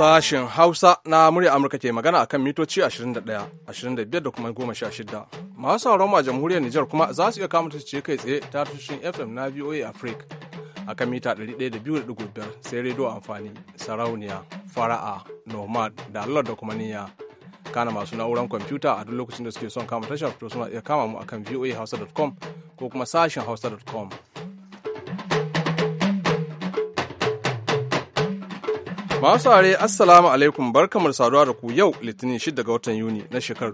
Sashen Hausa na murya Amurka ke magana a kan mitoci 21, 25 da kuma 16. Masu sauran a jamhuriyar Nijar kuma za su iya kama ce kai tsaye ta tushen FM na VOA Africa a kan mita 102.5 sai rediyo amfani, sarauniya, fara'a, nomad, da Allah da kuma niyya. Kana masu na'uran kwamfuta a duk lokacin da suke son kama tashar to suna iya kama mu a kan voahausa.com ko kuma sashen hausa.com. Masu are Assalamu alaikum barkamu saduwa da ku yau Litinin 6 ga watan Yuni na shekarar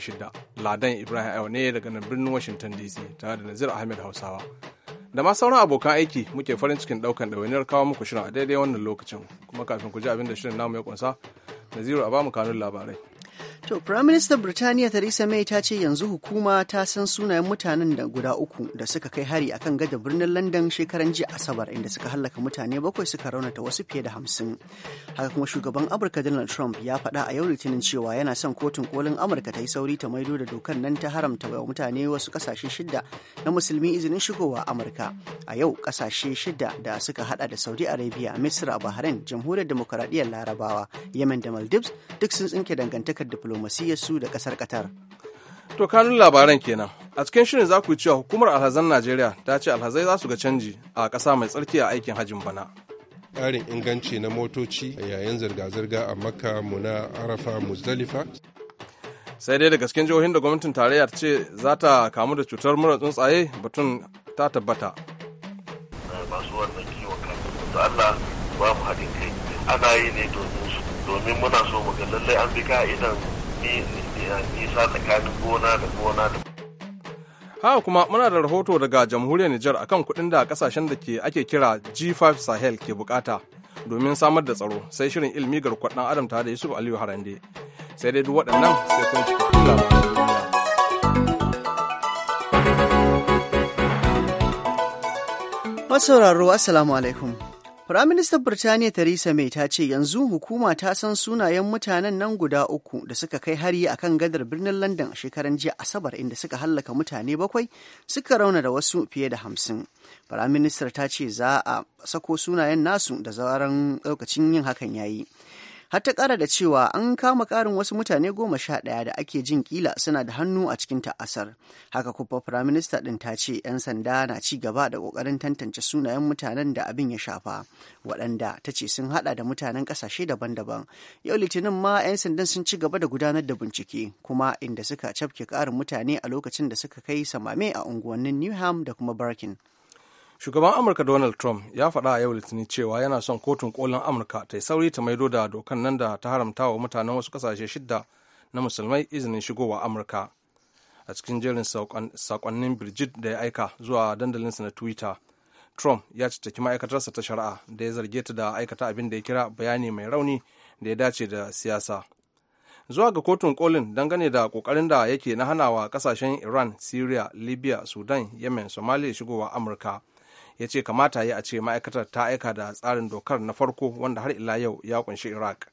shida Ladan Ibrahim Ayo ne daga nan birnin Washington DC tare da Nazir Ahmed Hausawa. Da ma sauran abokan aiki muke farin cikin daukan ɗawainiyar kawo muku shirin a daidai wannan lokacin. Kuma kafin ku ji abin da shirin namu ya kunsa, Naziru a bamu kanun labarai. To, Firaministan Birtaniya Theresa May ta ce yanzu hukuma ta san sunayen mutanen da guda uku da suka kai hari akan gada birnin London shekaran jiya Asabar inda suka hallaka mutane bakwai suka raunata wasu fiye da hamsin. Haka kuma shugaban Amurka Donald Trump ya faɗa a yau Litinin cewa yana son kotun kolin Amurka ta yi sauri ta maido da dokar nan ta haramta wa mutane wasu ƙasashe shida na musulmi izinin shigowa Amurka. A yau ƙasashe shida da suka hada da Saudi Arabia, Misra, Bahrain, Jamhuriyar Demokuraɗiyyar Larabawa, Yemen da Maldives duk sun tsinke dangantakar su da kasar Qatar. To kanun labaran kenan. A cikin shirin za ku cewa hukumar alhazan Najeriya ta ce alhazai za su ga canji a ƙasa mai tsarki a aikin hajjin bana. Ƙarin inganci na motoci yayin zirga-zirga a Makka, Muna, Arafa, Muzdalifa. Sai dai da gasken jihohin da gwamnatin tarayya ce za ta kamu da cutar mura tsuntsaye batun ta tabbata. Masu wannan kiwon kan, Allah ba mu haɗin kai, ana yi ne domin domin muna so mu ga lallai an bi ka'idan nisa tsakanin gona da gona da Haka kuma muna da rahoto daga jamhuriyar Nijar akan kuɗin da kasashen da ke ake kira G5 Sahel ke bukata domin samar da tsaro sai shirin ilmi ga kwaɗan adam tare da Yusuf Aliyu Harande. Sai dai duk waɗannan sai kun ci Masauraro, Assalamu alaikum. Firaministan Birtaniya Theresa May ta ce yanzu hukuma ta san sunayen mutanen nan guda uku da suka kai hari a kan gadar birnin London a shekaran jiya Asabar inda suka hallaka mutane bakwai suka rauna da wasu fiye da hamsin. Firaministar ta ce za a sako sunayen nasu da zaran lokacin yin hakan yayi. har ta kara da cewa an kama karin wasu mutane goma sha ɗaya da ake jin kila suna da hannu a cikin ta'asar haka kuma firaminista ɗin ta ce 'yan sanda na ci gaba da ƙoƙarin tantance sunayen mutanen da abin ya shafa waɗanda ta ce sun haɗa da mutanen ƙasashe daban-daban yau litinin ma 'yan sandan sun ci gaba da gudanar da bincike kuma inda suka cafke karin mutane a lokacin da suka kai samame a unguwannin newham da kuma barkin shugaban amurka donald trump ya faɗa a yau litinin cewa yana son kotun kolin amurka ta yi sauri ta maido da dokan nan da ta haramta wa mutanen wasu ƙasashe shidda na musulmai izinin shigowa amurka a cikin jerin sakonnin birgit da ya aika zuwa dandalinsa na twitter trump ya cittaki ma'aikatarsa ta shari'a da ya zarge ta da aikata abin da ya kira bayani mai rauni da ya dace da siyasa zuwa ga kotun kolin dangane da kokarin da yake na hanawa kasashen iran syria libya sudan yemen somalia shigowa amurka ya ce kamata ya a ce ma'aikatar ta aika da tsarin dokar na farko wanda har ila yau ya kunshi iraq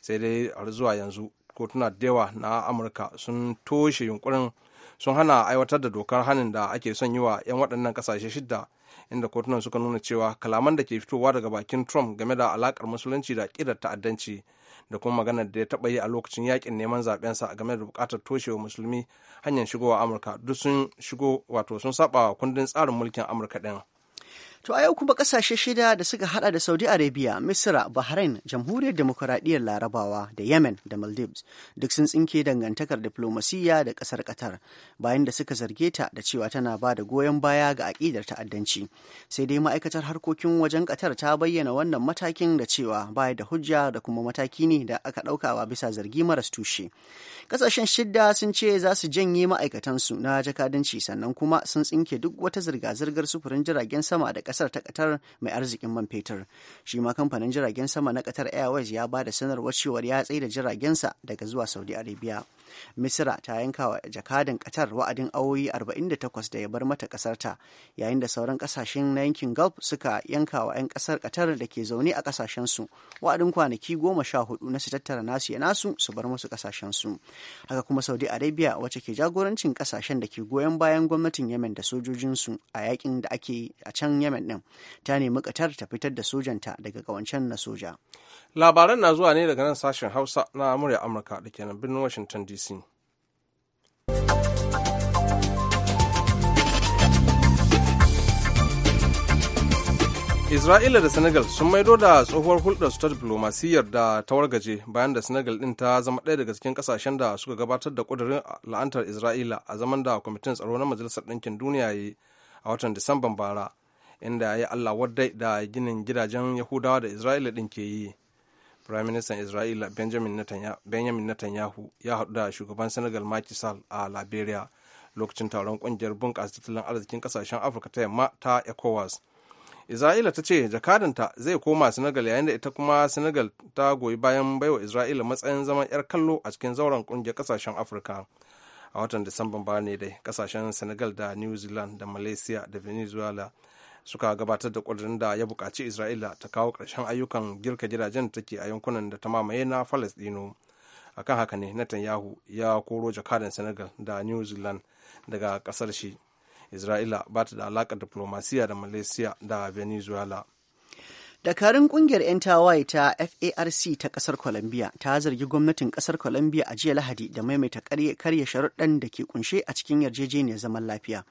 sai dai har zuwa yanzu kotuna da yawa na amurka sun toshe yunkurin sun hana aiwatar da dokar hannun da ake son yi wa 'yan waɗannan ƙasashe shidda inda kotunan suka nuna cewa kalaman da ke fitowa daga bakin trump game da alakar musulunci da ƙidar ta'addanci da kuma maganar da ya taɓa yi a lokacin yakin neman zaɓensa game da buƙatar toshewa musulmi hanyar shigowa amurka duk sun shigo wato sun saba wa kundin tsarin mulkin amurka ɗin To a yau kuma kasashe shida da suka hada da Saudi Arabia, Misra, Bahrain, Jamhuriyar Demokuraɗiyyar Larabawa da Yemen da Maldives duk sun tsinke dangantakar diflomasiyya da ƙasar Qatar bayan da suka zarge ta da cewa tana ba da goyon baya ga aƙidar ta'addanci. Sai dai ma'aikatar harkokin wajen Qatar ta bayyana wannan matakin da cewa baya da hujja da kuma mataki ne da aka ɗaukawa bisa zargi maras tushe. Kasashen shida sun ce za su janye ma'aikatansu na jakadanci sannan kuma sun tsinke duk wata zirga-zirgar sufurin jiragen sama da kasar ta Qatar mai arzikin man fetur. Shi ma kamfanin jiragen sama na Qatar Airways ya ba da sanarwar cewar ya tsaida jiragensa daga zuwa Saudi Arabia. Misira ta yanka wa jakadan Qatar wa'adin awoyi 48 da ya bar mata kasarta, yayin da sauran kasashen na yankin Gulf suka yanka wa 'yan kasar Qatar da ke zaune a su wa'adin kwanaki goma sha hudu na su tattara nasu ya nasu su bar musu su Haka kuma Saudi Arabia wacce ke jagorancin kasashen da ke goyon bayan gwamnatin Yemen da sojojinsu a yakin da ake a can Yemen din ta nemi qatar ta fitar da sojanta daga kawancen na soja labaran na zuwa ne daga nan sashen hausa na murya amurka da ke nan birnin washington dc Isra'ila da Senegal sun maido da tsohuwar hulɗar su ta diplomasiyyar da ta wargaje bayan da Senegal ɗin ta zama ɗaya daga cikin ƙasashen da suka gabatar da ƙudurin la'antar Isra'ila a zaman da kwamitin tsaro na Majalisar Ɗinkin Duniya ya yi a watan Disamban bara. inda ya yi Allah waddai da ginin gidajen Yahudawa da Isra'ila din ke yi. Prime Minister Isra'ila Benjamin Netanyahu ya haɗu da shugaban Senegal Macky Sall a Liberia lokacin taron ƙungiyar bunƙasa tattalin arzikin ƙasashen Afirka ta yamma ta ECOWAS. Isra'ila ta ce jakadanta zai koma Senegal yayin da ita kuma Senegal ta goyi bayan baiwa Isra'ila matsayin zaman 'yar kallo a cikin zauren ƙungiyar ƙasashen Afirka. A watan Disamban ba ne dai ƙasashen Senegal da New Zealand da Malaysia da Venezuela suka gabatar da ƙudurin da ya bukaci isra'ila ta kawo karshen ayyukan girka gidajen da take a yankunan da ta mamaye na falastino kan haka ne netanyahu ya koro jakadan senegal da new zealand daga ƙasar shi isra'ila ba ta da alaƙar diplomasiya da malaysia da venezuela dakarun kungiyar 'yan tawaye ta farc ta kasar colombia ta zargi gwamnatin kasar colombia a jiya lahadi da maimaita karya sharuɗan da ke kunshe a cikin yarjejeniyar zaman lafiya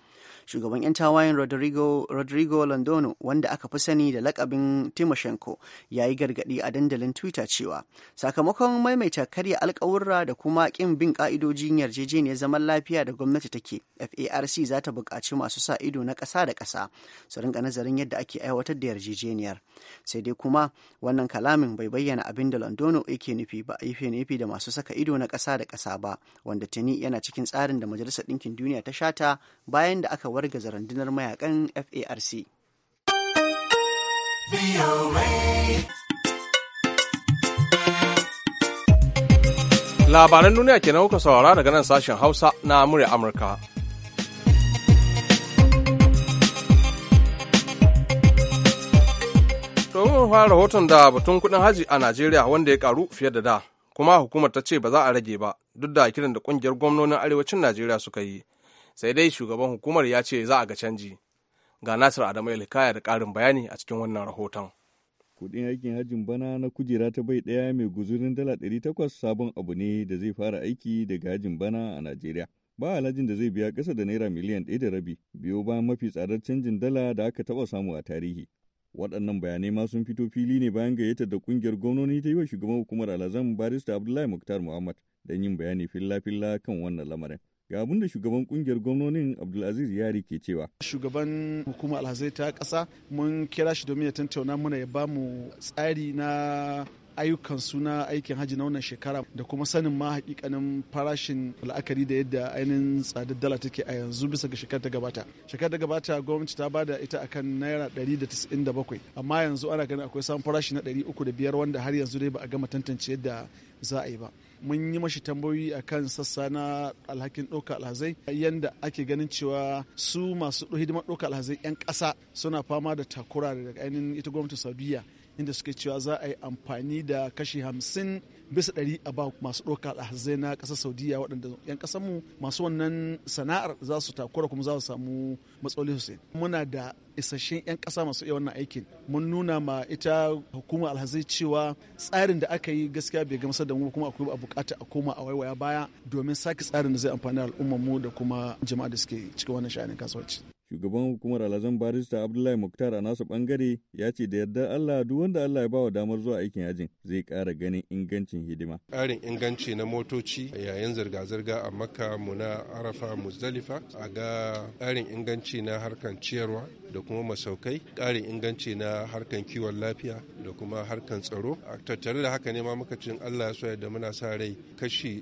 shugaban 'yan tawayen rodrigo, rodrigo londono wanda aka fi sani da lakabin timoshenko ya yi gargadi a dandalin twitter cewa sakamakon maimaita karya alkawurra da kuma kin bin ka'idojin yarjejeniyar zaman lafiya da gwamnati take farc za ta buƙaci masu sa ido na ƙasa da ƙasa su rinka nazarin yadda ake aiwatar da yarjejeniyar sai dai kuma wannan kalamin bai bayyana abin da londono yake nufi ba yake yi da masu saka ido na ƙasa da ƙasa ba wanda tuni yana cikin tsarin da majalisar ɗinkin duniya ta shata bayan da aka ga zarandunar mayakan FARC. Labaran duniya kenan kuka saurara daga nan sashen Hausa na murya Amurka. domin fara rahoton da batun kudin haji a Najeriya wanda ya karu fiye da da, kuma hukumar ta ce ba za a rage ba duk da kiran da kungiyar gwamnonin arewacin Najeriya suka yi sai dai shugaban hukumar ya ce za a ga canji ga nasir adamu ilkaya da ƙarin bayani a cikin wannan rahoton kudin aikin hajjin bana na kujera ta bai ɗaya mai guzurin dala ɗari takwas sabon abu ne da zai fara aiki daga hajjin bana a najeriya ba alhajin da zai biya kasa da naira miliyan ɗaya da rabi biyo ba mafi tsadar canjin dala da aka taɓa samu a tarihi waɗannan bayanai ma sun fito fili ne bayan gayyatar da ƙungiyar gwamnoni ta yi wa shugaban hukumar alhazan barista abdullahi muktar muhammad don yin bayani filla-filla kan wannan lamarin ga abin da shugaban kungiyar gwamnonin abdulaziz yari ke cewa shugaban hukumar alhazai ta kasa mun kira shi domin ya tattauna muna ya bamu tsari na ayyukan suna aikin hajji na wannan shekara da kuma sanin ma hakikanin farashin la'akari da yadda ainihin tsadar dala take a yanzu bisa ga shekarar ta gabata shekarar ta gabata gwamnati ta bada ita akan naira 197 amma yanzu ana ganin akwai samun farashi na 305 wanda har yanzu dai ba a gama tantance yadda za a yi ba mun yi mashi tambayoyi akan sassa na alhakin ɗauka alhazai Yadda ake ganin cewa su masu hidimar ɗauka alhazai 'yan ƙasa suna fama da takura daga ainihin ita gwamnatin saudiya inda suke cewa za a yi amfani da kashi hamsin bisa ɗari a ba masu ɗauka alhazai na ƙasar saudiya waɗanda 'yan ƙasarmu masu wannan sana'ar za su takura kuma za su samu matsaloli sosai muna da isasshen 'yan ƙasa masu iya wannan aikin mun nuna ma ita hukumar alhazai cewa tsarin da aka yi gaskiya bai gamsar da mu kuma akwai a bukata a koma a waiwaya baya domin sake tsarin da zai amfani al'ummar mu da kuma jama'a da suke cikin wannan sha'anin kasuwanci shugaban hukumar alhazan barista abdullahi muktar a nasu bangare ya ce da yarda allah duk wanda allah ya bawa damar zuwa aikin yajin zai kara ganin ingancin hidima ƙarin inganci na motoci yayin zirga-zirga a makka muna arafa muzdalifa a ga ƙarin inganci na harkan ciyarwa da kuma masaukai ƙarin inganci na harkan kiwon lafiya da kuma harkan tsaro a tattare da haka ne ma muka cin allah ya so yadda muna sa rai kashi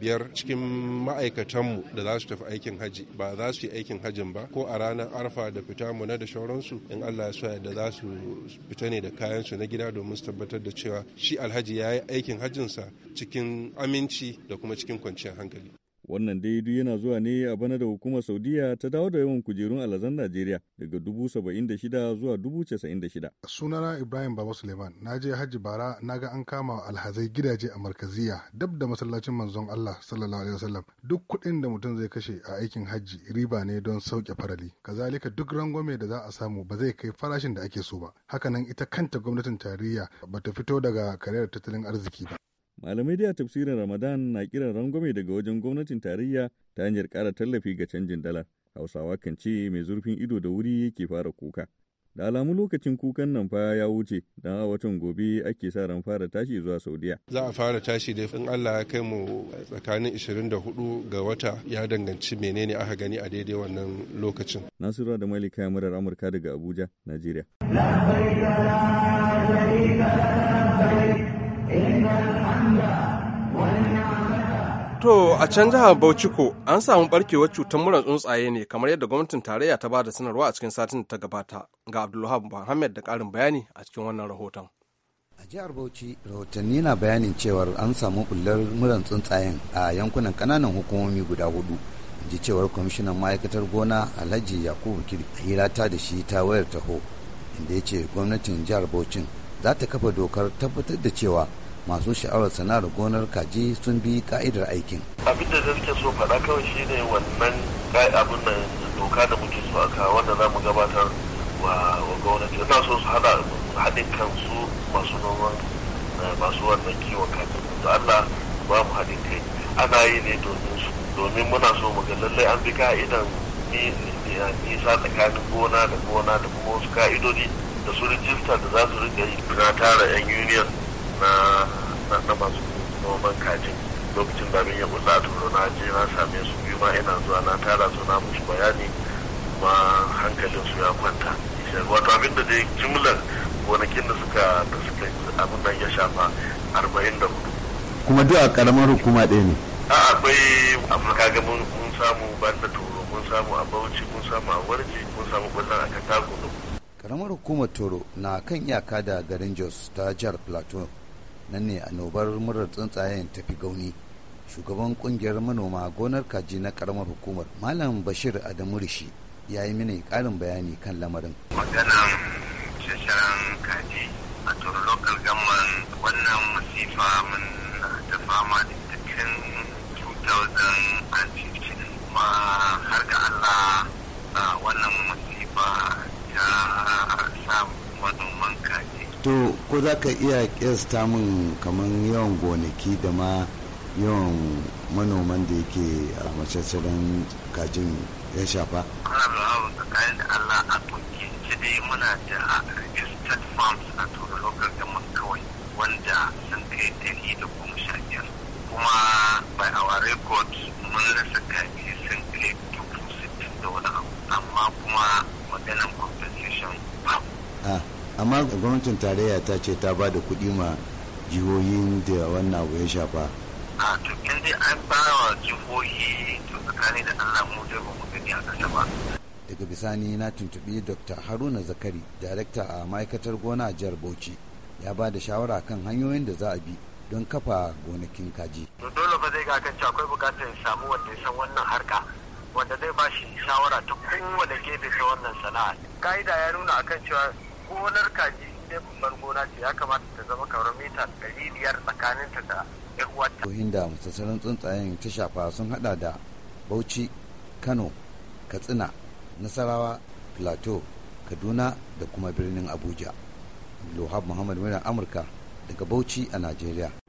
biyar cikin ma'aikatanmu da za su tafi aikin hajji, ba za su yi aikin hajin ba ko a ranar arfa da fita mu na da shauransu in allah ya so yadda za su fita ne da kayansu na gida domin su tabbatar da cewa shi alhaji ya yi aikin hajjinsa cikin aminci da kuma cikin kwanciyar hankali Wannan dai duk yana zuwa ne a bana da hukumar Saudiya ta dawo da yawan kujerun alazan Najeriya daga dubu saba'in zuwa dubu casa'in Sunana Ibrahim Baba Suleiman na je Hajji Bara na ga an kama alhazai gidaje a Markaziya dab da masallacin manzon Allah sallallahu alaihi wasallam duk kuɗin da mutum zai kashe a aikin hajji riba ne don sauke farali kazalika duk rangwame da za a samu ba zai kai farashin da ake so ba hakanan ita kanta gwamnatin tarayya ba ta fito daga karyar tattalin arziki ba. Malamai dai a tafsirin Ramadan na kiran rangwame daga wajen gwamnatin tarayya ta hanyar kara tallafi ga canjin dala. Hausawa kan ce mai zurfin ido da wuri yake fara kuka. Da alamu lokacin kukan nan fa ya wuce don a watan gobe ake sa ran fara tashi zuwa Saudiya. Za a fara tashi da in Allah ya kai mu tsakanin 24 ga wata ya danganci menene aka gani a daidai wannan lokacin. Nasiru da Malika murar Amurka daga Abuja, Najeriya. To a can jihar ko. an samu barkewar cutar murar tsuntsaye ne kamar yadda gwamnatin tarayya ta ba da sanarwa a cikin satin da ta gabata ga Abdulwahab Muhammad da karin bayani a cikin wannan rahoton. a jihar bauchi rahotanni na bayanin cewar an samu bullar muran tsuntsayen a yankunan kananan hukumomi guda hudu ji cewar kwamishinan ma'aikatar gona alhaji yakubu kiri a ta da shi ta wayar taho inda ya ce gwamnatin jihar Bauchi. za ta kafa dokar tabbatar da cewa masu sha'awar sana'ar gonar kaji sun bi ka'idar aikin. abin da nake so faɗa kawai shi ne wannan abin da doka da muke so aka wanda za mu gabatar wa gwamnati ina so su hada haɗin kan su masu noman eh, masu wannan kiwon kaji da allah ba mu haɗin kai ana yi ne domin su domin muna so mu ga lallai an bi ka'idan nisa tsakanin gona da gona da kuma wasu ka'idodi da su rijista da za su rika yi na tara yan union na na masu noman kajin lokacin da ya a turo na je na same su biyu ma ina zuwa na tara su na musu bayani kuma hankalin su ya kwanta wato abin da dai jimlar gonakin da suka da suka abin nan ya shafa arba'in da hudu kuma duk a karamar hukuma ɗaya ne a akwai afirka ga mun samu ban da turo mun samu a bauchi mun samu a warji mun samu kullum a katako karamar hukumar toro na kan iyaka da garin jos ta jihar plateau nan ne annobar murar tsuntsayen tafi gauni shugaban kungiyar manoma gonar kaji na karamar hukumar malam bashir adamu rishi ya yi mini karin bayani kan lamarin maganan shasharan kaji a toro local gamman wannan masifa mun ta fama da cikin har ga allah wannan masifa manoman kaji to ko za ka iya kesta min kaman yawan gonaki da ma yawan manoman da yake a macacaran kajin yan shafa tsakanin da allah a kunkince dai muna da registered farms a turu local government kawai wanda sun kai ɗari da goma sha kuma by our record mun rasa kaji sun kai dubu sittin da wani abu amma kuma maganan amma gwamnatin tarayya ta ce ta ba da kuɗi ma jihohin da wannan abu ya shafa a to in an ba wa jihohi to tsakani da allah mu ba mu gani a ƙasa ba daga bisani na tuntuɓi dr haruna zakari darekta a ma'aikatar gona jihar bauchi ya ba da shawara kan hanyoyin da za a bi don kafa gonakin kaji. To dole ba zai ga kan akwai bukatar ya samu wanda ya san wannan harka wanda zai ba shi shawara ta kowane gefe ta wannan sana'a. Ka'ida ya nuna akan cewa gonar kaji dai babbar gona ce ya kamata ta zama kamar mita ɗari biyar tsakaninta da yan uwata. Jihohin da masasarin tsuntsayen ta shafa sun hada da Bauchi, Kano, Katsina, Nasarawa, Plateau, Kaduna da kuma birnin Abuja. Lohab Muhammad Mura Amurka daga Bauchi a Najeriya.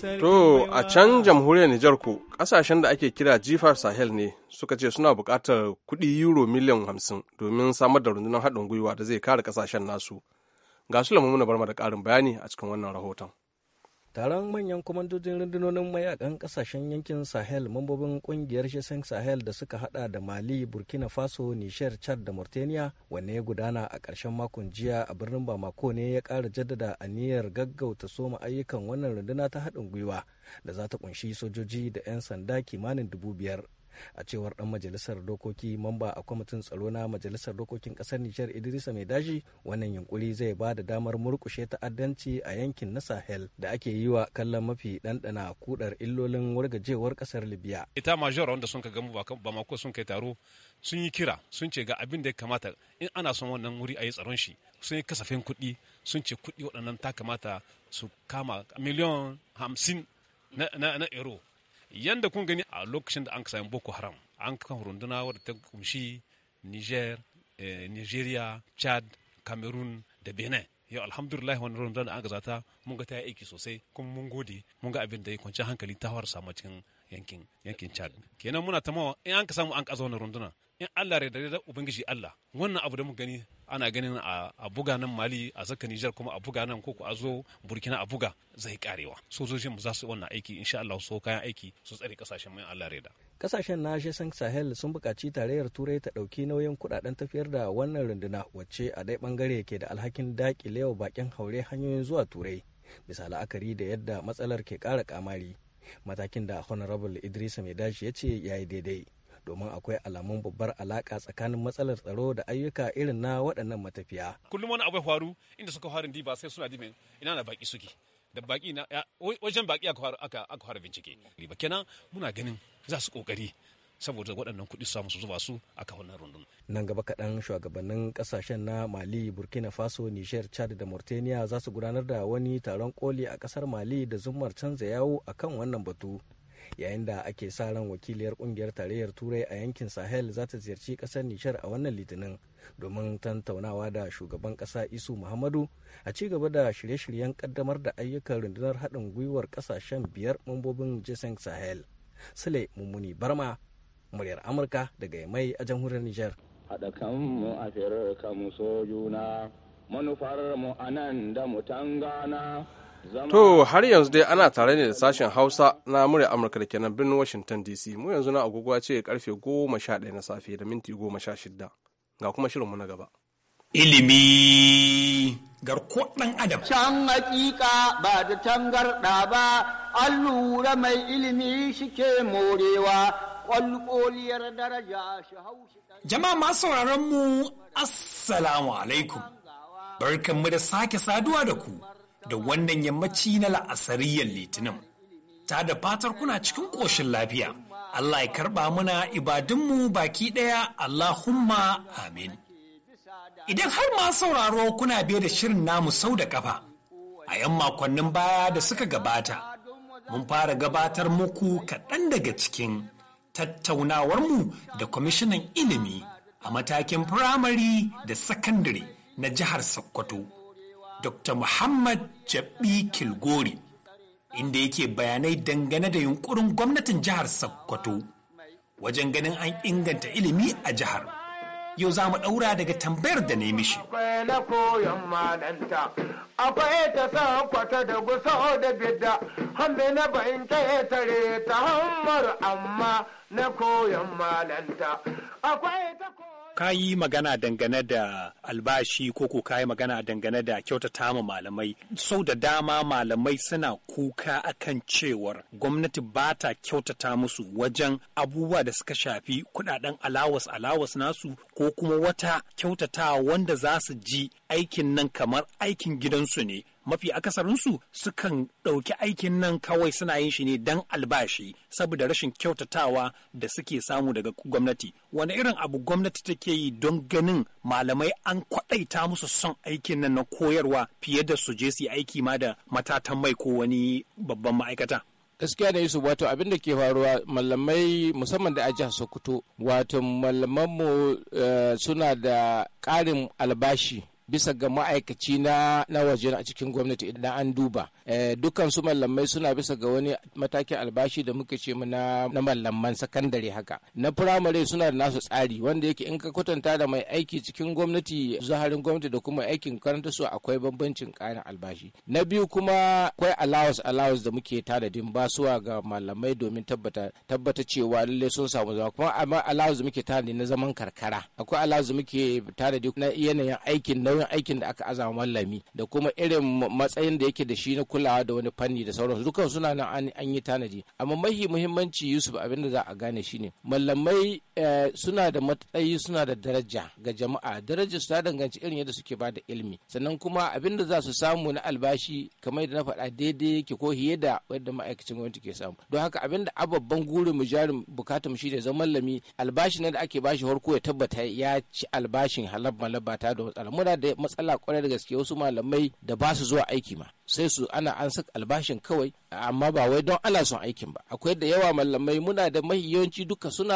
To, a can jamhuriyar Nijar ku, ƙasashen da ake kira jifar Sahel ne suka ce suna bukatar kuɗi euro miliyan hamsin domin samar da rundunar haɗin gwiwa da zai kare kasashen nasu. Ga su lamu muna bar da ƙarin bayani a cikin wannan rahoton. taron manyan kwamandojin rundunonin mayakan kasashen yankin sahel mambobin kungiyar shisan sahel da suka hada da mali burkina faso nishar chad da mauritania wanne ya gudana a ƙarshen makon jiya a birnin bamako ne ya ƙara jaddada aniyar gaggauta soma ayyukan wannan runduna ta haɗin gwiwa da za ta kunshi sojoji da 'yan sanda kimanin dubu biyar a cewar dan majalisar dokoki mamba a kwamitin tsaro na majalisar dokokin kasar nijar idrisa mai daji wannan yunkuri zai ba da damar murkushe ta'addanci a yankin na sahel da ake yi wa kallon mafi ɗanɗana kudar illolin wargajewar kasar libya ita major wanda sun ka gamu ba mako sun kai taro sun yi kira sun ce ga abin da ya kamata in ana son wannan wuri a yi tsaron shi sun yi kasafin kuɗi sun ce kuɗi waɗannan ta kamata su kama miliyan hamsin na, na euro yanda kun gani a lokacin da an ka sami boko haram an kan runduna wadda ta kumshi niger eh, nigeria chad cameroon da benin yau alhamdulillah wani rundunar da an ta mun ga ta yi aiki sosai kuma mun gode mun ga abin da ya kwanci hankali ta fara samu cikin yankin yankin chad kenan muna ta in an ka samu an kaza wani runduna in allah da da ubangiji allah wannan abu da mun gani ana ganin a buga nan mali a saka nijar kuma a buga nan koko a zo burkina a buga zai karewa sojojin mu za su wannan aiki insha Allah so kayan aiki su tsare kasashen mai Allah reda kasashen na san sahel sun buƙaci tarayyar turai ta ɗauki nauyin kudaden tafiyar da wannan runduna wacce a dai bangare ke da alhakin lewa bakin haure hanyoyin zuwa turai bisa la'akari da yadda matsalar ke ƙara kamari matakin da honorable idrisa mai dashi ya ce ya daidai domin akwai alamun babbar alaka tsakanin matsalar tsaro da ayyuka irin na waɗannan matafiya. Kullum wani abu faru inda suka farin diba sai suna dibe ina na baki suke. Da baki na wajen baki aka fara bincike. Riba kenan muna ganin za su kokari saboda waɗannan kuɗi su samu su zuba su a kawanan rundun. Nan gaba kaɗan shugabannin ƙasashen na Mali, Burkina Faso, Nijar, Chad da Mauritania za su gudanar da wani taron koli a kasar Mali da zumar canza yawo a kan wannan batu yayin da ake sa ran wakiliyar kungiyar tarayyar turai a yankin sahel za ta ziyarci kasar nishar a wannan litinin domin tantaunawa da shugaban kasa isu muhammadu a ci gaba da shirye-shiryen kaddamar da ayyukan rundunar haɗin gwiwar kasashen biyar mambobin jason sahel sule mummuni barma muryar amurka daga yamai a jamhuriyar nijar haɗa kanmu a firar kamu so juna manufar mu anan da mu gana. To har yanzu dai ana tare ne da sashen Hausa na murya Amurka da kenan birnin Washington DC. Mu yanzu na agogwa ce karfe goma sha ɗaya na safe da minti goma sha shidda, Ga kuma shirinmu na gaba. Ilimi garko ɗan adam. Can hakika ba da tangarɗa ba, an lura mai ilimi shike morewa kwalkoliyar daraja shi haushi Jama'a masu sauraron mu Assalamu alaikum. Barkanmu da sake saduwa da ku. da wannan yammaci na la'asariyar litinin. Ta da fatar kuna cikin ƙoshin lafiya, Allah ya karɓa muna ibadunmu baki ɗaya Allahumma amin. Idan har ma sauraro kuna biye da shirin namu sau da kafa, a yan makonnin baya da suka gabata, mun fara gabatar muku kaɗan daga cikin tattaunawarmu da kwamishinan ilimi a matakin firamare da sakandare na jihar Sokoto. Dr. Muhammad Jabi Kilgori, inda yake bayanai dangane da yunkurin gwamnatin jihar Sokoto wajen ganin an inganta ilimi a jihar. Yau za mu ɗaura daga tambayar da na yi mishi. Akwai ta sankwata da gusa da bidda, hannu na bayin ya tare ta hammar amma na koyon malanta. Akwai ta ka yi magana dangane da albashi ko ko ka yi magana dangane da kyautata ma malamai sau da dama malamai suna kuka akan cewar gwamnati ba ta kyautata musu wajen abubuwa da suka shafi kudaden alawas alawas nasu ko kuma wata kyautata wanda za su ji aikin nan kamar aikin gidansu ne mafi akasarinsu sukan ɗauki aikin nan kawai suna yin shi ne don albashi saboda rashin kyautatawa da suke samu daga gwamnati wani irin abu gwamnati take yi don ganin malamai an kwaɗaita musu son aikin nan na koyarwa fiye da su je su aiki ma da matatan mai ko wani babban ma'aikata gaskiya da yusuf wato abin da ke faruwa malamai musamman da a jihar sokoto wato malamanmu eh, suna da ƙarin albashi bisa ga ma'aikaci na na waje a cikin gwamnati idan an duba eh, dukkan su mallamai suna bisa ga wani matakin albashi da muka ce na na mallaman sakandare haka na firamare suna da nasu tsari wanda yake in ka kwatanta da mai aiki cikin gwamnati zaharin gwamnati da kuma aikin karanta su akwai bambancin karin albashi na biyu kuma akwai allowance allowance da muke tanadin basuwa ga malamai domin tabbata tabbata cewa lallai sun samu zama kuma amma allowance da muke tanadi na zaman karkara akwai allowance da muke tanadi na yanayin aikin nauyin irin aikin da aka azama mallami da kuma irin matsayin da yake da shi na kulawa da wani fanni da sauransu dukan suna nan an yi tanadi amma mahi muhimmanci yusuf abin da za a gane shi ne mallamai eh, suna da matsayi suna da daraja ga jama'a daraja su ta danganci irin yadda suke ba da ilimi sannan kuma abin da za su samu na albashi kamar yadda na faɗa daidai yake ko hiye da yadda ma'aikacin gwamnati ke samu don haka abin da ababban gurin mu jarin bukatar mu shine zama mallami albashi ne da ake bashi farko ya tabbata ya ci albashin halab malab ta da matsala muna da matsala kwarai da gaske wasu malamai da ba su zuwa aiki ma sai su ana an saka albashin kawai amma ba wai don ana son aikin ba akwai da yawa malamai muna da mahi yawanci duka suna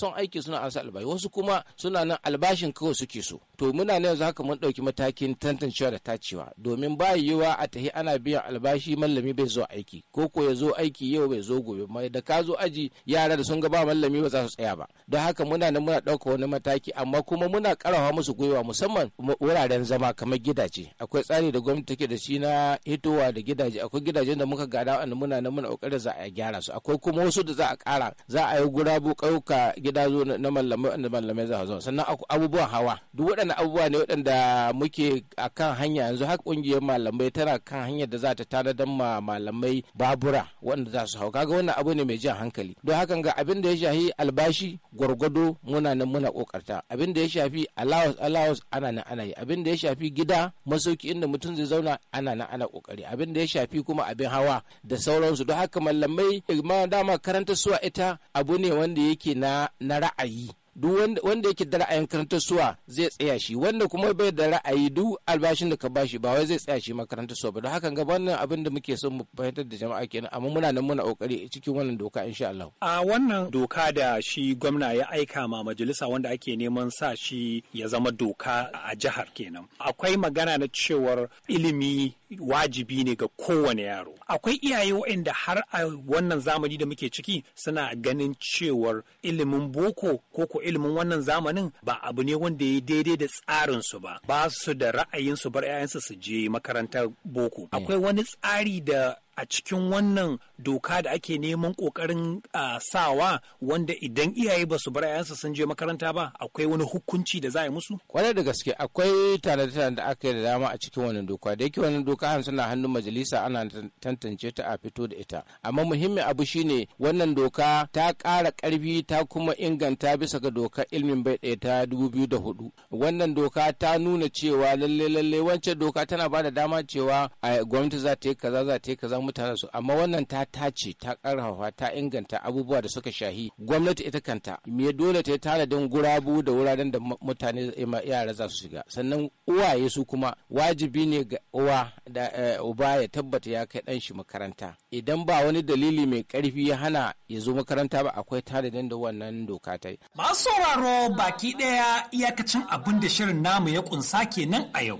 son aiki suna an sa albashi wasu kuma suna nan albashin kawai suke so to muna ne yanzu haka mun ɗauki matakin tantancewa da tacewa domin ba yiwuwa a tahi ana biyan albashi mallami bai zo aiki ko ko ya zo aiki yau bai zo gobe mai da ka zo aji yara da sun ga ba mallami ba za su tsaya ba don haka muna nan muna ɗauka wani mataki amma kuma muna karawa musu gwiwa musamman wura. wuraren zama kamar gidaje akwai tsari da gwamnati take da shi na hitowa da gidaje akwai gidajen da muka gada wanda muna nan muna kokarin za a gyara su akwai kuma wasu da za a kara za a yi gurabu kauka gidazo na mallamai wanda mallamai za zo sannan abubuwan hawa duk waɗannan abubuwa ne waɗanda muke akan hanya yanzu har kungiyar malamai tana kan hanyar da za ta tanadar ma malamai babura wanda za su hau kaga wannan abu ne mai jan hankali don hakan ga abin da ya shafi albashi gwargwado muna nan muna kokarta abin da ya shafi allowance allowance ana nan ana yi abin da ya shafi gida masauki inda mutum zai zauna ana na ana kokari abin da ya shafi kuma abin hawa da sauransu don haka mallamai ma dama karanta suwa ita abu ne wanda yake na ra'ayi duk wanda yake da ra'ayin karantar suwa zai tsaya shi wanda kuma bai da ra'ayi duk albashin da ka bashi ba wai zai tsaya shi makarantar suwa ba don hakan ga wannan abin da muke son mu fahimtar da jama'a kenan amma muna nan muna kokari cikin wannan doka insha Allah a wannan doka da shi gwamna ya aika ma majalisa wanda ake neman sa shi ya zama doka a jihar kenan akwai magana na cewar ilimi wajibi ne ga kowane yaro akwai iyaye waɗanda har a wannan zamani da muke ciki suna ganin cewar ilimin boko ko ko ilimin wannan zamanin ba abu ne wanda ya daidai da tsarin su ba ba su da ra'ayin su bar 'ya'yansu su je makarantar boko hmm. akwai wani tsari da a cikin wannan doka da ake neman kokarin sawa wanda idan iyaye ba su bar 'ya'yansu sun je makaranta ba akwai wani hukunci da za a yi musu? Kwarai da gaske akwai tare da aka yi da dama a cikin wannan doka da yake wannan doka an suna hannun majalisa ana tantance ta a fito da ita amma muhimmin abu shine wannan doka ta kara karfi ta kuma inganta bisa ga doka ilimin bai ɗaya ta dubu biyu da hudu wannan doka ta nuna cewa lalle lalle wancan doka tana ba da dama cewa gwamnati za ta yi kaza za ta yi kaza mutanen su amma wannan ta tace ta karfafa ta inganta abubuwa da suka shahi gwamnati ita kanta me dole ta tanadin gurabu da wuraren da mutane yara za su shiga sannan uwaye su kuma wajibi ne ga uwa da eh, uba ya tabbata ya kai dan shi makaranta idan ba wani dalili mai karfi ya hana ya zo makaranta ba akwai tanadin da wannan doka ta yi masu sauraro baki daya iyakacin abin da shirin namu ya kunsa kenan a yau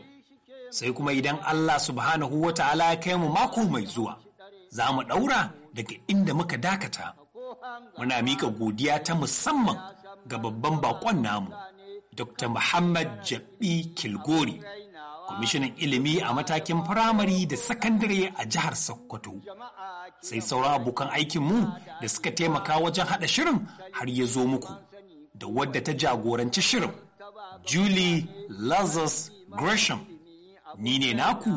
sai kuma idan Allah subhanahu wa ta'ala ya kai mu mako mai zuwa, za mu ɗaura daga inda muka dakata. Muna mika godiya ta musamman ga babban bakon namu, Dr. Muhammad Jabi Kilgori, kwamishinan ilimi a matakin firamare da sakandare a jihar Sokoto. Sai sauran abokan mu da suka taimaka wajen haɗa shirin har ya zo muku, da wadda ta jagoranci shirin, Julie Lazarus Gresham. Ni ne naku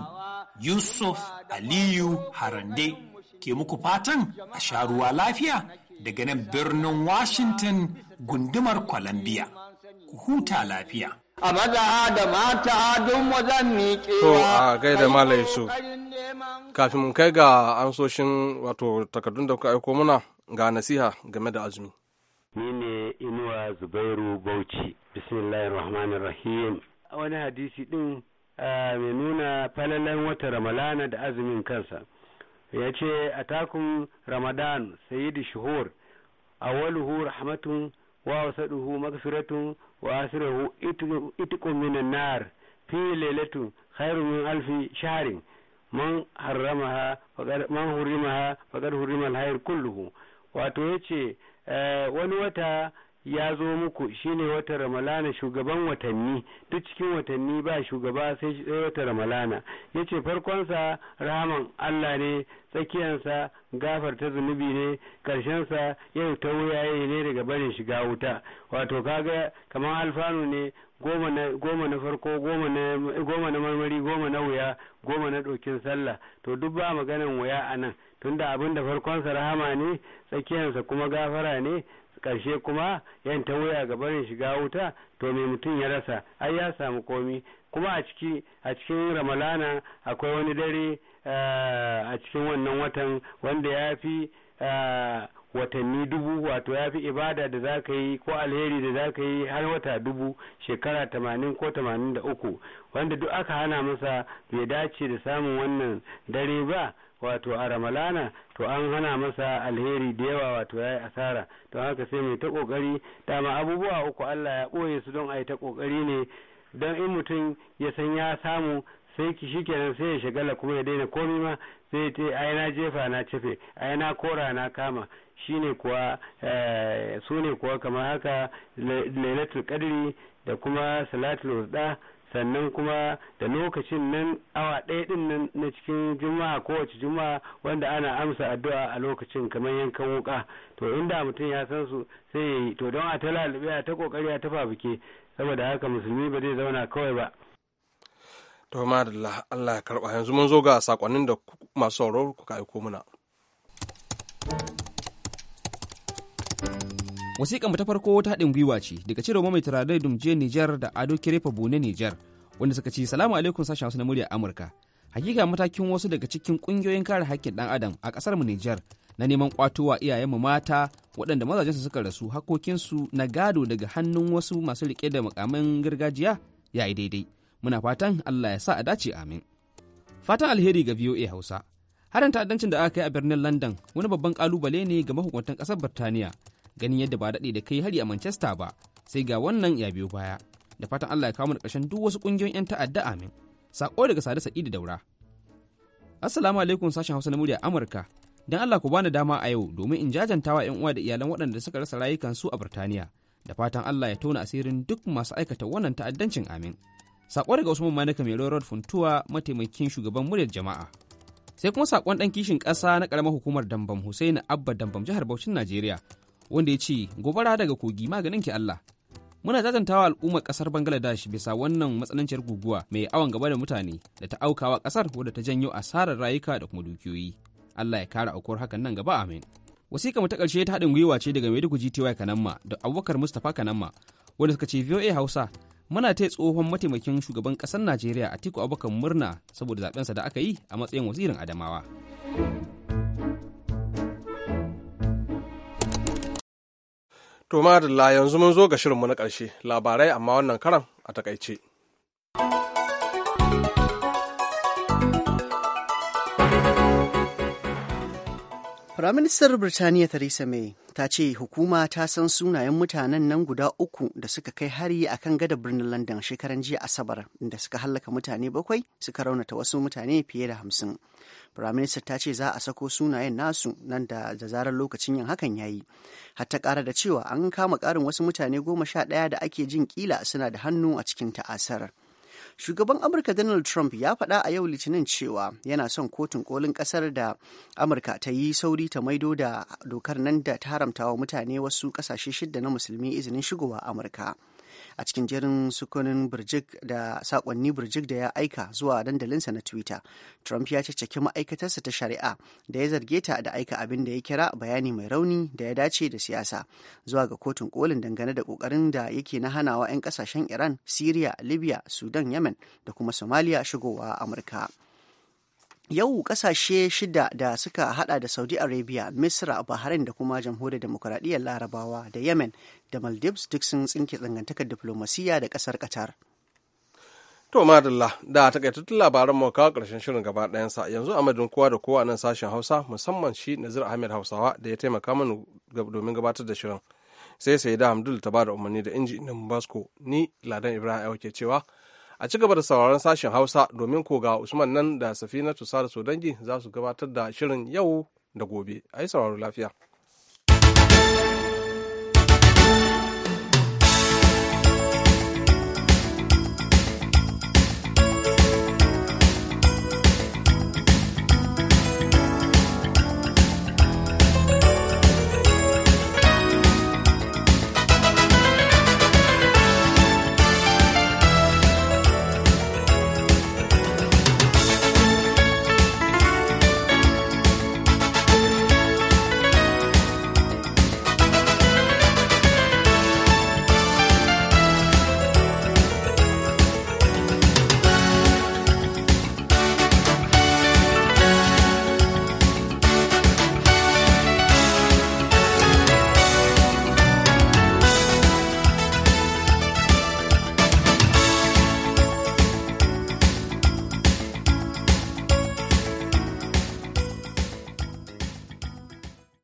Yusuf Aliyu Harande ke muku fatan a sharuwa lafiya daga nan birnin Washington gundumar Columbia. Ku huta lafiya. A maza da mata don wazan To a gaida Malam su Kafin mun kai ga ansoshin wato takardun da kuka aiko muna ga nasiha game da azumi. Ni ne Inuwa Zubairu Bauchi. rahim Wani hadisi din mai nuna falalen wata ramalana da azumin kansa ya ce a takun ramadan sayidi shuhur awwaluhu rahmatun wa wasaduhu magfiratun wa asiruhu itqun minan nar fi lailatun khairun min alfi shahrin man harramaha man hurimaha faqad hurima alhayr kulluhu wato yace wani wata ya zo muku shine wata ramalana shugaban watanni duk cikin watanni ba shugaba sai wata ramalana ya ce farkonsa rahaman Allah ne tsakiyansa gafarta zunubi ne karshensa yau ta wuyaye ne daga barin shiga wuta wato kaga kamar alfanu ne goma na farko goma na marmari goma na wuya goma na ɗokin sallah to duk ba maganan wuya a nan tunda abin da farkonsa rahama ne tsakiyansa kuma gafara ne ƙarshe kuma yan ta wuya ga barin shiga wuta to me mutum ya rasa ai ya samu komi kuma a ciki a cikin ramalana akwai wani dare eh, a cikin wannan watan wanda ya fi eh, watanni dubu wato ya fi ibada da za ka yi ko alheri da za ka yi har wata dubu shekara tamanin ko tamanin da uku wanda duk aka hana masa bai dace da samun wannan dare ba wato a ramalana to an hana masa alheri da yawa wato ya yi asara to haka sai mai ta kokari dama abubuwa uku Allah ya ɓoye su don a yi ta kokari ne don in mutum ya san ya samu sai ki kenan sai ya shagala kuma ya daina komi ma sai ta ai na jefa na cefe ai na kora na kama shine kuwa eh, su ne kuwa kamar haka lailatul da kuma salatul wusta sannan kuma da lokacin nan awa ɗaya ɗin nan na cikin juma'a kowace juma'a wanda ana amsa addu'a a lokacin kamar yankan wuka to inda mutum ya san su sai ya yi to don a ta a ta kokari a ta fafike saboda haka musulmi ba zai zauna kawai ba to da Allah ya karba yanzu mun zo ga sakonnin da masu sauraro kuka aiko muna. wasiƙa mu ta farko ta haɗin gwiwa ce daga cire mai turare Dumje Nijar da Ado Kirefa Bune Nijar wanda suka ce salamu alaikum sashen Hausa na murya Amurka. Hakika matakin wasu daga cikin ƙungiyoyin kare haƙƙin ɗan adam a ƙasar mu Nijar na neman iyayen mu mata waɗanda mazajensu suka rasu hakokinsu na gado daga hannun wasu masu riƙe da makaman gargajiya ya yi daidai muna fatan allah ya sa a dace amin fatan alheri ga voa hausa harin ta'addancin da aka yi a birnin london wani babban kalubale ne ga mahukuntan ƙasar birtaniya ganin yadda ba daɗe da kai hari a Manchester ba sai ga wannan ya biyo baya da fatan Allah ya kawo mana ƙarshen duk wasu ƙungiyoyin 'yan ta'adda amin sako daga Sade Sa'idu Daura Assalamu alaikum sashen Hausa na murya Amurka dan Allah ku bani dama a yau domin in jajantawa 'yan uwa da iyalan waɗanda suka rasa su a Burtaniya da fatan Allah ya tona asirin duk masu aikata wannan ta'addancin amin sako daga Usman manaka mai Road Funtuwa mataimakin shugaban muryar jama'a sai kuma sakon dan kishin ƙasa na ƙaramar hukumar Dambam Hussein Abba Dambam jihar Bauchin Najeriya wanda ya ce gobara daga kogi maganin ki Allah muna jajantawa al'ummar kasar Bangladesh bisa wannan matsananciyar guguwa mai awon gaba da mutane da ta aukawa ƙasar wadda ta janyo asarar rayuka da kuma dukiyoyi Allah ya kare aukuwar hakan nan gaba amin wasiƙa mu ta ƙarshe ta haɗin gwiwa ce daga Maiduguri TY Kanamma da Abubakar Mustapha Kanamma wanda suka ce VOA Hausa muna taya tsohon mataimakin shugaban ƙasar Najeriya a tiku Abubakar murna saboda zaɓensa da aka yi a matsayin wazirin Adamawa. To madalla yanzu mun zo ga shirinmu na ƙarshe labarai amma wannan karan a takaice. Firaministar Birtaniya Theresa May ta ce hukuma ta san sunayen mutanen nan guda uku da suka kai hari a kan gada birnin London shekaran jiya Asabar da suka hallaka mutane bakwai suka raunata wasu mutane fiye da hamsin. firaminista ta ce za a sako sunayen nasu nan da zarar lokacin yin hakan ya yi hatta kara da cewa an kama karin wasu mutane goma sha ɗaya da ake jin kila suna da hannu a cikin ta'asar. shugaban amurka donald trump ya faɗa a yau litinin cewa yana son kotun kolin ƙasar da amurka ta yi sauri ta maido da dokar nan da ta haramta wa mutane wasu ƙasashe shidda na musulmi izinin shigowa amurka a cikin jerin sukunin birjik da sakonni birjik da ya aika zuwa dandalinsa na twitter trump ya caccaki ma'aikatarsa ta shari'a da ya zarge ta da aika abin da ya kira bayani mai rauni da ya dace da siyasa zuwa ga kotun kolin dangane da kokarin da yake na hanawa 'yan kasashen iran syria libya sudan yemen da kuma somalia shigowa amurka Yau kasashe shida da suka hada da Saudi Arabia, Misra, Bahrain da kuma Jamhuriyar Demokuraɗiyyar Larabawa da Yemen da Maldives duk sun tsinke tsangantakar diflomasiyya da ƙasar Qatar. To madalla da takaitattun labaran mu kawo ƙarshen shirin gaba ɗayansa yanzu a madin kowa da kowa nan sashen Hausa musamman shi Nazir Ahmed Hausawa da ya taimaka mana domin gabatar da shirin. Sai sai da Hamdul ta bada umarni da injinin Basko ni Ladan Ibrahim Ayo ke cewa a ci gaba da sauraron sashen hausa domin koga usman nan da safinatu sada sodangi za su gabatar da shirin yau da gobe a yi sauraro lafiya